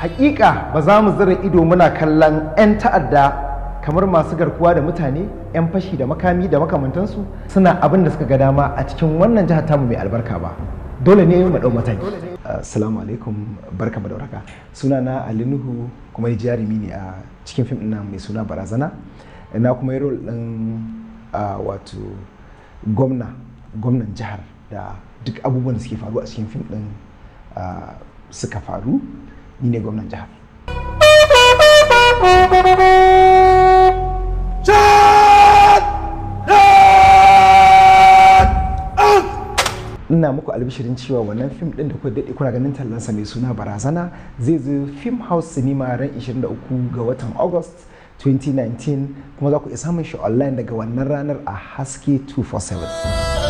hakika ba za mu zira ido muna kallon 'yan ta'adda kamar masu garkuwa da mutane 'yan fashi da makami da makamantansu suna abin da suka ga dama a cikin wannan jihar tamu mai albarka ba dole ne mu ɗau mataki assalamu alaikum barka madauraka suna na alinuhu kuma ni jarumi ne a cikin fim ɗin mai suna barazana na kuma yi rol ɗin wato gwamna gwamnan jihar da duk abubuwan da suke faru a cikin fim ɗin suka faru ni ne gwamnan jihar ina muku albishirin cewa wannan fim din da kuka daɗe kuna ganin tallansa mai suna barazana zai zo film house cinema ran 23 ga watan august 2019 kuma za ku iya samun shi online daga wannan ranar a haske 247